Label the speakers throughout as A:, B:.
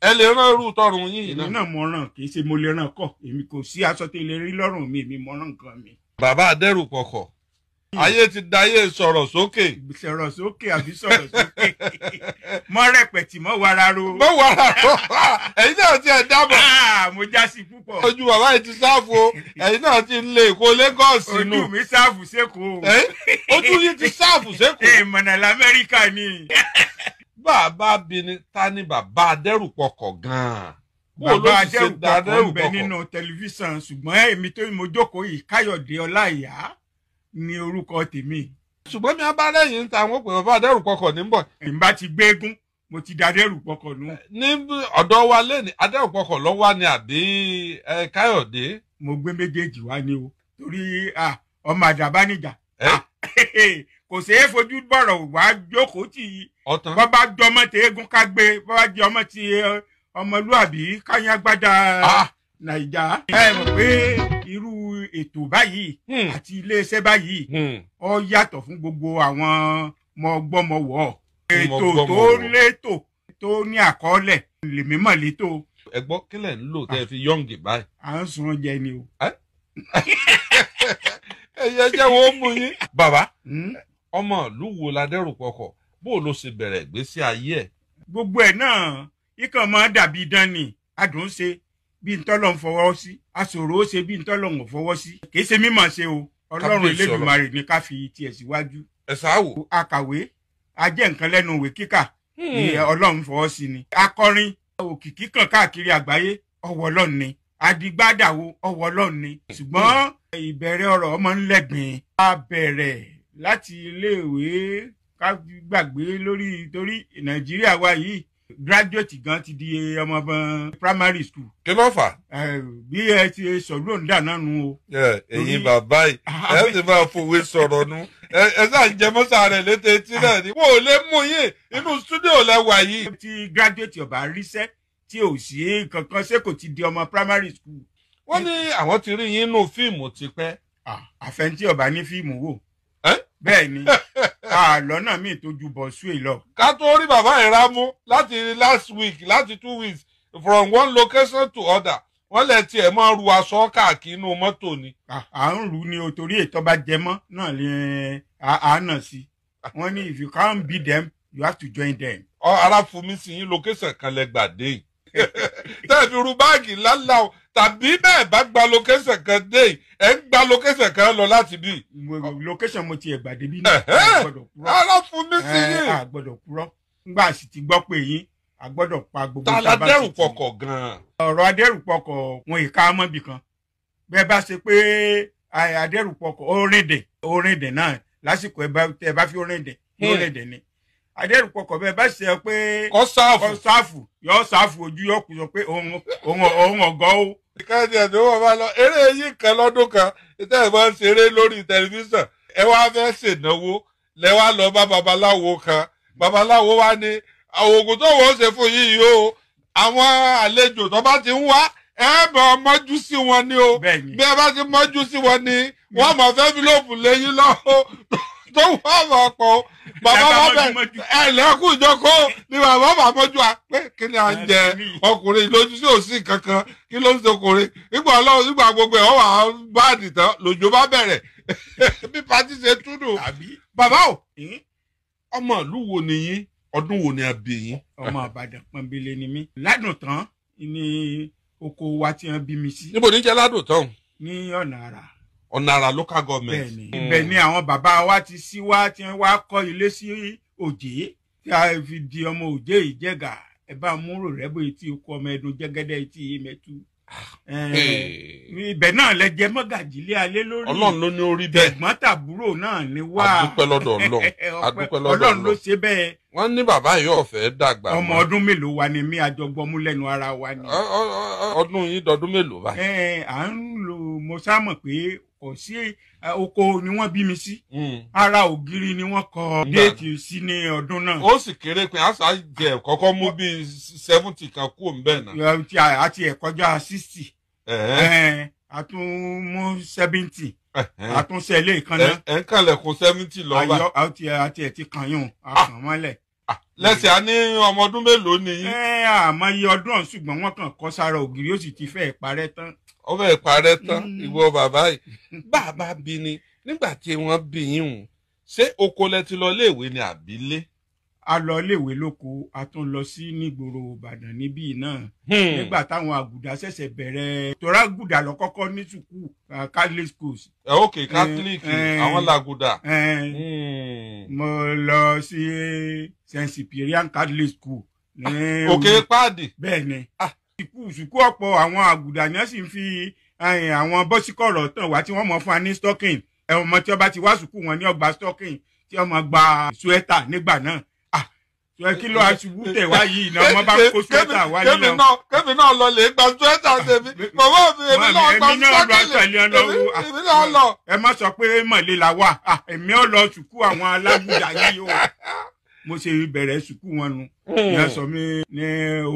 A: ẹ lè rán irú tọrùn yín yìí náà. èmi náà mo ràn kì í ṣe mo lè ràn kọ èmi kò sí aṣọ tí ilé rí lọ́rùn mi èmi mo ràn nǹkan mi. bàbá adẹ́rù kọ̀kọ̀ ayé ti dayé sọ̀rọ̀ sókè. sọ̀rọ̀ sókè àbí sọ̀rọ̀ sókè mọ rẹpẹtì mọ wàrà ro. mọ wàrà ro ẹ̀yin náà ti ẹ dábọ̀. Ah, mo já sí púpọ̀. ojú bàbá yìí ti sáàfù o ẹ̀yin náà ti lé èkó Lagos nù. ojú mi sáàfù sẹ́kọ̀ọ́. ojú yìí ti sáàfù sẹ́kọ̀ọ́. ìmọ̀nà lamẹ́ríkà ni bàbá bini tani ta ni bàbá adẹ́rùpọ̀kọ̀ gan-an.
B: bàbá adẹ́rùpọ̀kọ̀ ń bẹ nínú
A: tẹlifíṣàn ṣùgbọ́n èmi tó mo jókòó yìí káyọ̀dé ọláìyá ni orúkọ tèmi. ṣùgbọ́n mi abárẹ́yìn ń ta àwọn òpè bàbá adẹ́rùpọ̀kọ̀ ní bọ̀. ìbá ti gbégún mo ti da adẹ́rùpọ̀kọ̀ nù. ní ọ̀dọ̀ wa lẹ́ni adẹ́rùpọ̀kọ̀ lọ wá ni àbí káyọ̀dé. mo gbé méjèèjì wá ni o torí ọmọ àdàbánijà kò ṣeé fojú bọ̀rọ̀ wá jókòó tì í bọ́bá jọmọ tí eégún ká gbé bọ́bá jọmọ tí ọmọlúàbí káyágbádá nàìjà hmm. ẹ mọ̀ pé irú ètò báyìí hmm. àti iléeṣẹ́ báyìí hmm. ó yàtọ̀ fún gbogbo àwọn mọ̀gbọ́mọwọ́ ètò tó létò tó ní àkọọ́lẹ̀ lèmi mọ̀ létò. kílẹ̀ ń lò tẹ́ ẹ fi yọ̀ǹgì báyìí. à ń sun oúnjẹ ni o. ẹ̀yẹ jẹ́ wo mú yín. bàbá ọmọ ìlú wo la dẹ́rù pọkọ̀ bó ló ṣe bẹ̀rẹ̀ ìgbésí ayé ẹ̀. gbogbo ẹ̀ náà ikàn máa dàbí idán ni adùn ṣe bí ntọ́lọ̀ ń fọwọ́ sí aṣòro ṣe bí ntọ́lọ̀ ń fọwọ́ sí kì ṣe mímọ̀ ṣe o ọlọ́run elédùnmarè ni ká fi tiẹ̀ síwájú. ẹ ṣáàwò. akàwé ajẹ́ nǹkan lẹ́nu ìwé kíkà hmm. ni ọlọ́run fọwọ́ sí ni. akọrin òkìkí kan káàkiri àgbáyé ọwọ́ ọlọ́run ni adigbádàwo ọwọ́ ọlọ́run ni ṣùgbọ́n ìbẹ̀rẹ̀ ọ̀rọ̀ ọmọ ńlẹ̀gbìn á bẹ̀rẹ̀ láti iléèwé ká gbàgbé lórí torí nàìjíríà wa yìí graduate gan ti di ọmọbọn primary school. kí ló fà. bí ẹ ti sọ̀rọ̀ ń dà náà nu o. ẹyin bàbá yìí ah, ẹ ah, ti máa fòwe sọ̀rọ̀ nu ẹ sáà ń jẹ mọ́sá rẹ̀ létí etí náà ni wọ́n ò lè mú yín inú studio lẹ́wà yìí. ti graduate ọba ríṣẹ́ tí ò sí kankan ṣé kò ti di ọmọ primary school. wọ́n ní àwọn ti rí yín nínú fíìmù tipẹ́. Ah, àfẹ́ntí ọba ní fíìmù wò bẹ́ẹ̀ ni àlọ́nà míì tó ju bọ̀sùn èyí lọ. ká tó rí bàbá ìramú láti last week láti two weeks from one location to other wọ́n lẹ̀ tiẹ̀ máa ru aṣọ káàkiri inú mọ́tò ni. à ń rù ni o torí ètò bá jẹ mọ́ náà ni àánà sí wọ́n ní if you can't beat them you have to join them. ọ ara fún mi sí yín location kan lẹ gbàdé tẹ́ẹ̀ fi ru báàgì lálá o tàbí bẹ́ẹ̀ bá gba location kan dé ẹ̀ ń gba location kan lọ láti bí. location mo ti ẹ̀ gbàdé bí náà àgbọ̀dọ̀ kúrọ́. ara fún mi sí yìí. àgbọ̀dọ̀ kúrọ́ ngbà sì ti gbọ́ pé yín àgbọ̀dọ̀ pa gbogbo tábà tuntun. tàlà dẹ́rùpọ̀kọ̀ gan-an. ọ̀rọ̀ adẹ́rùpọ̀kọ̀ wọn ì ká mọ́bì kan bẹ́ẹ̀ bá ṣe pé adẹ́rùpọ̀kọ̀ oríndẹ̀ oríndẹ̀ náà lásìkò ẹ bá fi oríndẹ̀ oríndẹ̀ hmm. ni adẹ́rùpọ̀kọ̀ bẹ́ẹ̀ bá ṣe pé kọ́ sáàfù yọ sáàfù ojú yọ kù pé òun ọ̀gọ́ o káàdì ẹ̀dùn wọn bá lọ eré yìí kan lọ́dún kan ìtẹ́ ẹ̀ máa ń ṣeré lórí tẹlifíṣàn ẹ wá fẹ́ ṣènáwó lẹ wá lọ bá babaláwo kan babaláwo wá ní òògùn tó wọ́n ṣe fún yìí o àwọn àlejò tó bá ti ń wá ẹ bọ̀ mọ́jú sí wọn ni o bí ẹ bá ti mọ́jú sí wọn ni wọ́n mọ̀ fẹ́ fílòpù lẹ́yìn lọ́wọ́ tó wà mọ̀ o bàbá bá bẹ̀ ẹ lẹ́kùn ni bàbá bá mọ́jú wa pé kí ni à ń jẹ ọkùnrin lójú sí òsì kankan kí ló ń sọkùnrin nígbà ọlọ́run nígbà gbogbo ẹ̀ wà á báàdì tán lòjò bá bẹ̀rẹ̀ bí pati ṣe túnú bàbá o hm? ọmọ ìlú wo ni yín ọdún wo ni a bí yín. ọmọ àbàdàn pọnbélé ni mí ládùn tán ni oko wa ti hàn bí mi sí. níbo ní jẹ́ ládùn tán. ní ọ̀nà àrà ọ̀nàrà local government. ibẹ̀ ni àwọn bàbá wa ti sí wa ti wá kọ́ ilé sí òjé tí a fi di ọmọ òjé ìjẹ́gà ẹ bá múrò rẹ́bù etí ikú ọmọ ẹdun jẹ́gẹ́dẹ́ etí mẹ́tú. ibẹ̀ náà lẹ jẹ mọ́gàjì lé alẹ́ lórí. ọlọ́run ló ní orí bẹ́ẹ̀. tẹ̀gbọ́n tàbúrò náà ni wá. àdúpẹ́ lọ́dọ̀ ọlọ́run àdúpẹ́ lọ́dọ̀ ọlọ́run ló ṣe bẹ́ẹ̀. wọ́n ní bàbá yóò fẹ́ dàgbà. ọmọ ọdún mélòó wa ni mí àjọgbọmú lẹ́nu ara wa ni. ọdún yìí dọdún mélòó báyìí. à ń lo mo sá mọ̀ pé kò sí oko ni wọ́n bí mi sí hmm. ara ògiri ni wọ́n kọ déètì sí ní ọdún náà. ó sì kéré pé àṣà jẹ kọ́kọ́ mú bíi seventy kan kú òun a náà. àti ẹ̀kọ́já sixty àtún mú seventy àtúnṣe ilé ìkànnà. ẹ ń kàlẹ̀kùn seventy a àti àti ẹ̀ ti kàn yún akàn ah. mọ́lẹ̀. Ah, lẹ́sẹ̀ á ní ọmọ ọdún mélòó ni. ẹ àmọ́ iye ọdún ọ̀hún ṣùgbọ́n wọ́n kàn kọ́ sára ògiri ó sì ti fẹ́ẹ̀ parẹ́ tán ọbẹ̀ ìparẹ́ tán mm. ìwọ bàbá yìí bàbá bí ni nígbà tí wọ́n bí yín hùn ṣé oko lẹ ti lọ léèwé ni àbílé. a lọ léèwé lóko a tún lọ sí nígboro ìbàdàn níbí náà hmm. nígbà táwọn àgùdà ṣẹ̀ṣẹ̀ bẹ̀rẹ̀ tọ́ra àgùdà lọ kọ́kọ́ ní sùkú uh, catholic schools. Eh, ok catholic eh, eh. àwọn làgùdà. Hmm. mo lọ sí saint cyprian catholic school. Ah, ok páàdì. bẹ́ẹ̀ ni. ah ìkú ìsìnkú ọ̀pọ̀ àwọn àgùdàn sì ń fi eh, àwọn bọ́síkọ̀rọ̀ tàn wá tí wọ́n mọ̀ fún wa ní stocking ẹ̀wọ̀n mọ̀ tí ọba ti wá sùkú wọn ní ọgbà stocking tí ọmọ gba suẹ́tà nígbà náà kí ló aṣubú tẹ̀ wá yìí iná ọmọ bá kó suẹ́tà wá yìí náà. kébì náà lọ lè gba suẹ́tà tèmi bàbá mi èmi náà gba stocking èmi náà lọ. ẹ má sọ pé mọ̀lẹ́ wà èmi ò sùkú àwọn alágùdà yìí o mo ṣe bẹ̀rẹ̀ sùkú wọn nu hmm. ìyá sọ mi ní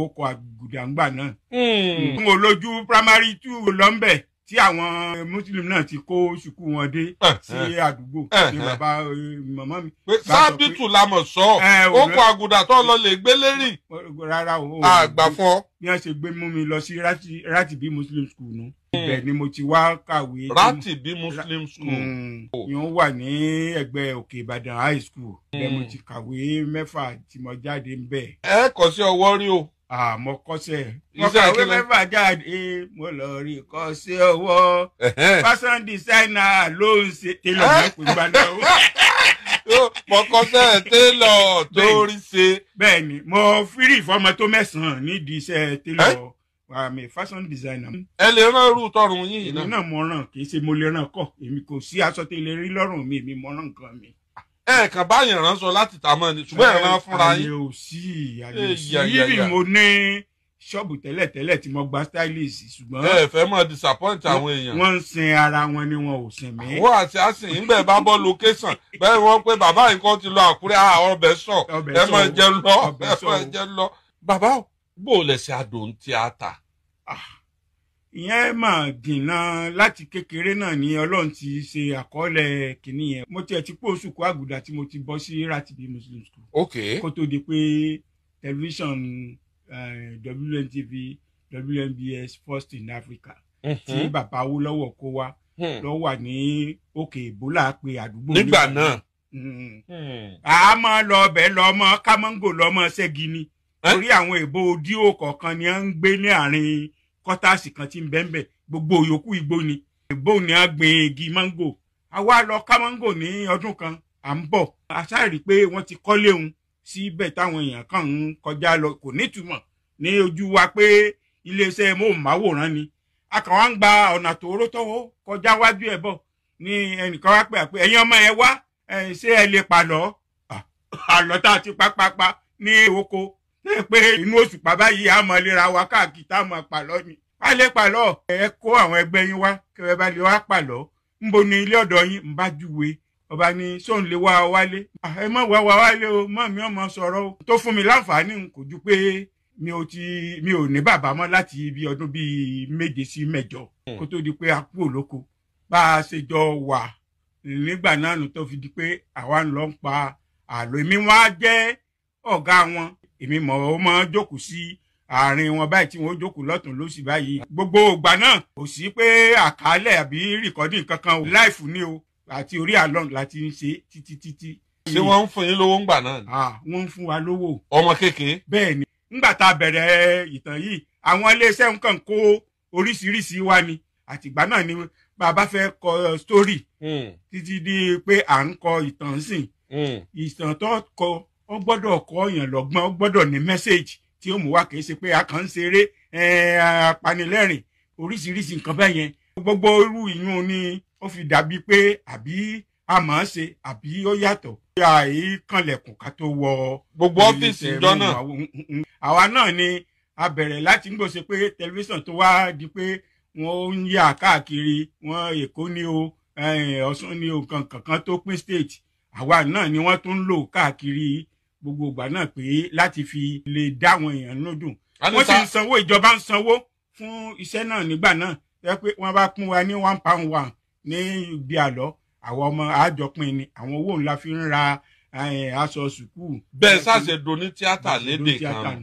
A: oko àgùdàǹgbà náà hmm. mo lójú primary two lọ́nbẹ̀ tí àwọn muslim náà ti kó sùkú wọn dé eh, sí eh. àdúgbò eh, ní bàbá màmá mi. sábìtù la mọ̀ sọ ó kọ àgùdà tó lọ lè gbé lérì. rárá o àgbà fún ọ. bí wọ́n ṣe gbé mú mi lọ sí rátìbí muslim school nù. Hmm. ibẹ̀ ni mo ti wá kàwé. rátìbí muslim hmm. school. yóò oh. wà ní ẹgbẹ́ òkè ìbàdàn high school. bẹ́ẹ̀ mo hmm. ti kàwé mẹ́fà tí mo jáde ń bẹ̀. ẹ kọ sí ọwọ́ rí o àmọ́ ah, kọ́sẹ̀ mọ̀kàwé mẹ́fà jáde mo lọ rí kọ́sẹ̀ ọwọ́ fashion designer ló ń ṣe tailor mẹ́kùn ìgbà náà mọ̀kọ́sẹ̀ télọ̀ tó rí ṣe. bẹ́ẹ̀ni mo fírì fọmọ tó mẹ́sàn-án nídìí iṣẹ́ télọ̀ àmì fashion designer. ẹ lè rán irú tọrùn yín náà. èmi náà mo ràn kì í ṣe mo lè ràn kọ èmi kò sí aṣọ tẹ́lẹ̀ rí lọ́rùn mi èmi mo ràn nǹkan mi ẹ kàn bá yẹn ránṣọ láti tà mọ́ ni ṣùgbọ́n ẹ rán fúnra yín. àyè ò sí àyè ò sí yìí ni mo ní ṣọ́ọ̀bù tẹ́lẹ̀ tí mo gba stylist ṣùgbọ́n. ẹ fẹ́ mọ disappoint àwọn èèyàn. wọ́n ń sin ara wọn ni wọn ò sin mí. àwọn àti àsìn yìí bẹ́ẹ̀ bá bọ́ location bẹ́ẹ̀ wọ́n pé bàbá yìí kan ti lọ àkúrẹ́ ọbẹ̀ sọ ẹ mọ̀ jẹ lọ ẹ mọ̀ jẹ lọ. bàbá bò lẹ̀ ṣe tíátà ìyẹn mà dìnnà láti kékeré náà ni ọlọ́run ti ṣe àkọọ́lẹ̀ kìíní yẹn mo tiẹ̀ ti pọ̀ oṣù kó àgùdà tí mo ti bọ́ sí ratibi muslim school. ok kó tó di pé tẹlifíṣàn eh, WNTV WNBS first in Africa mhm. tí bàbá Awólọ́wò kó wa hmm. lọ wà ní òkè ìbólà pé àdúgbò nígbà náà hmm. Hmm. a máa lọ ọbẹ̀ lọ́mọ kámọ́ngò lọ́mọ ṣẹ́gi ni eh? torí àwọn èbó odíò kọ̀ọ̀kan ni wọ́n ń gbé ní àárín kọ́tàsì kan ti ń bẹ́ńbẹ́ gbogbo yòókù igbó ni igbó ni a gbin igi máńgò àwa lọ ká máńgò ní ọdún kan à ń bọ̀ aṣáàrí pé wọ́n ti kọ́lé òun síbẹ̀ táwọn èèyàn kàn ń kọjá lọ kò nítumọ̀ ní ojú wa pé iléeṣẹ́ móhùnmáwòrán ni a kàn wá ń gba ọ̀nà tòóró tọ́wọ́ kọjá wájú ẹ̀ bọ̀ ni ẹnìkan wá pé àpé ẹ̀yin ọmọ ẹ wá ṣé ẹ lè pàlọ́ àlọ́ tá a ti pápápá ní ewoko pé inú òṣùpá báyìí a máa lera wa káàkiri tá a máa pàlọ́ ni a lè pàlọ́ ẹ kó àwọn ẹgbẹ́ yín wá kẹrẹ bá lè wá pàlọ́ nbo ni ilé ọ̀dọ̀ yín ń bá júwe ọba ni sóun lè wá wálé ah, ẹ mọ̀ wá wá wálé o mọ̀ mi ò mọ̀ sọ̀rọ̀ o tó fún mi láǹfààní kò ju pé mi ò ti mi ò ní bàbá mọ́ láti ibi ọdún bíi méje sí mẹ́jọ hmm. kó tó di pé a kú òlóko bá a ṣe jọ wà nígbà náà tó fi di pé àwa ń lọ ń pa àlọ́ èmi mọ̀ ó máa jókòó sí àárín wọn báyìí tí wọn ó jókòó lọ́tún lósì báyìí gbogbo ìgbà náà kò sí pé àkálẹ̀ àbí rìkọ́dìn kankan o láìfù ni o àti orí àlọ́n láti ń ṣe títí títí. ṣé wọ́n ń fún yín lówó ńgbà náà. wọ́n ń fún wa lówó. ọmọ kékeré. bẹ́ẹ̀ ni ńgbà tá a bẹ̀rẹ̀ ìtàn yìí àwọn iléeṣẹ́ nǹkan kó oríṣiríṣi wá ni àtìgbà náà ni bàbá fẹ́ kọ sítórì hmm. títí di pé à ń kọ ìtàn sìn hmm. ìtàn tó kọ ó gbọ́dọ̀ kọ́ èèyàn lọ́gbọ́n ó gbọ́dọ̀ ní mẹ́sẹ̀gì tí ó mú wá kìí ṣe pé a kàn ń ṣeré apanilẹ́rìn oríṣiríṣi nǹkan bẹ́ẹ̀ yẹn gbogbo irú ìyún ni ó fi dàbí pé àbí a máa ṣe àbí ó yàtọ̀ àì kanlẹ̀kùn ká tó wọ gbogbo ọ́fíìsì ìjọ náà àwa náà ni a bẹ̀rẹ̀ láti ń gbọ́ ṣe pé tẹlifíṣàn tó wá di pé wọ́n ń yà káàkiri wọ́n èkó ni o ọ̀ṣun ni o kankan tó pín state àwa náà ni wọ́n tún ń lò káàkiri gbogbo ìgbà náà pé láti fi lè dá àwọn èèyàn lódùn wọ́n sì ń sanwó ìjọba ń sanwó fún iṣẹ́ náà nígbà náà ẹ pé wọ́n bá pín wa ní one pound one ní ibi àlọ́ àwọn ọmọ àjọpín ni àwọn owó ńlá fi ń ra eh, aṣọ sùkúù. bẹ́ẹ̀ sáṣẹ do tíátà lédè kan